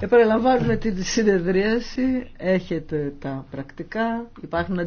Επαναλαμβάνουμε τη συνεδρίαση. Έχετε τα πρακτικά. Υπάρχουν